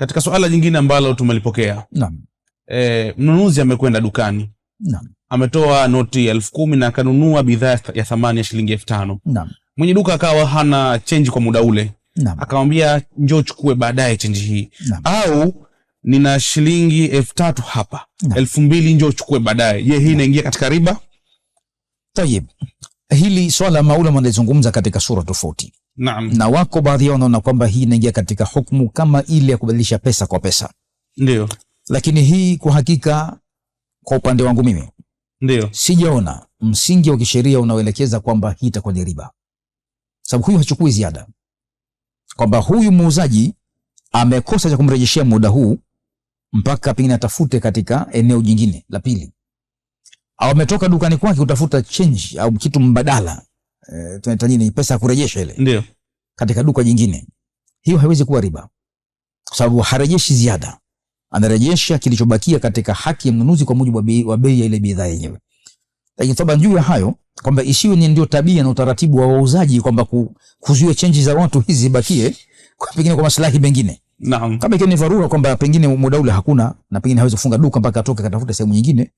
Katika swala jingine ambalo tumelipokea e, mnunuzi amekwenda dukani naam, ametoa noti ya elfu kumi na akanunua bidhaa ya thamani ya shilingi elfu tano Mwenye duka akawa hana chenji kwa muda ule akamwambia njo chukue baadaye chenji hii naam, au nina shilingi elfu tatu hapa elfu mbili njo chukue baadaye. Je, hii inaingia katika riba? Tayib, hili swala maulama analizungumza katika sura tofauti Naam. Na wako baadhi yao wanaona kwamba hii inaingia katika hukumu kama ile ya kubadilisha pesa kwa pesa. Ndio. Lakini hii kwa hakika kwa upande wangu mimi ndio sijaona msingi wa kisheria unaoelekeza kwamba hii itakuwa ni riba, sababu huyu hachukui ziada, kwamba huyu muuzaji amekosa cha kumrejeshea muda huu mpaka pengine atafute katika eneo jingine la pili, au ametoka dukani kwake kutafuta change au kitu mbadala Eh, tunaita nini, pesa ya kurejesha ile, ndio katika duka jingine. Hiyo haiwezi kuwa riba, kwa sababu harejeshi ziada, anarejesha kilichobakia katika haki ya mnunuzi kwa mujibu wa bei ya ile bidhaa yenyewe. Lakini saba juu ya hayo kwamba isiwe ni ndio tabia na utaratibu wa wauzaji kwamba kuzuia chenji za watu hizi zibakie kwa pengine kwa maslahi mengine. Naam. Kama ikiwa ni dharura kwamba pengine muda ule hakuna na pengine hawezi kufunga duka mpaka atoke akatafuta sehemu nyingine,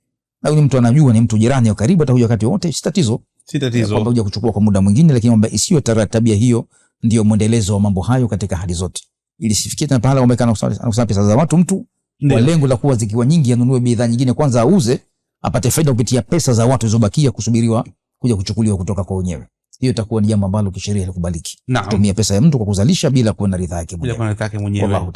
na mtu anajua ni mtu jirani au karibu atakuja wakati wote, si tatizo si eh, kuja kuchukua kwa muda mwingine, lakini kwamba isiyo tabia hiyo ndio mwendelezo wa mambo hayo katika hali zote, ili sifikie tena pale kwamba anakusanya pesa za watu mtu kwa lengo la kuwa zikiwa nyingi anunue bidhaa nyingine, kwanza auze apate faida kupitia pesa za watu zilizobakia kusubiriwa kuja kuchukuliwa kutoka kwa wenyewe. Hiyo itakuwa ni jambo ambalo kisheria halikubaliki kutumia pesa ya mtu kwa kuzalisha bila kuwa na ridhaa yake mwenyewe.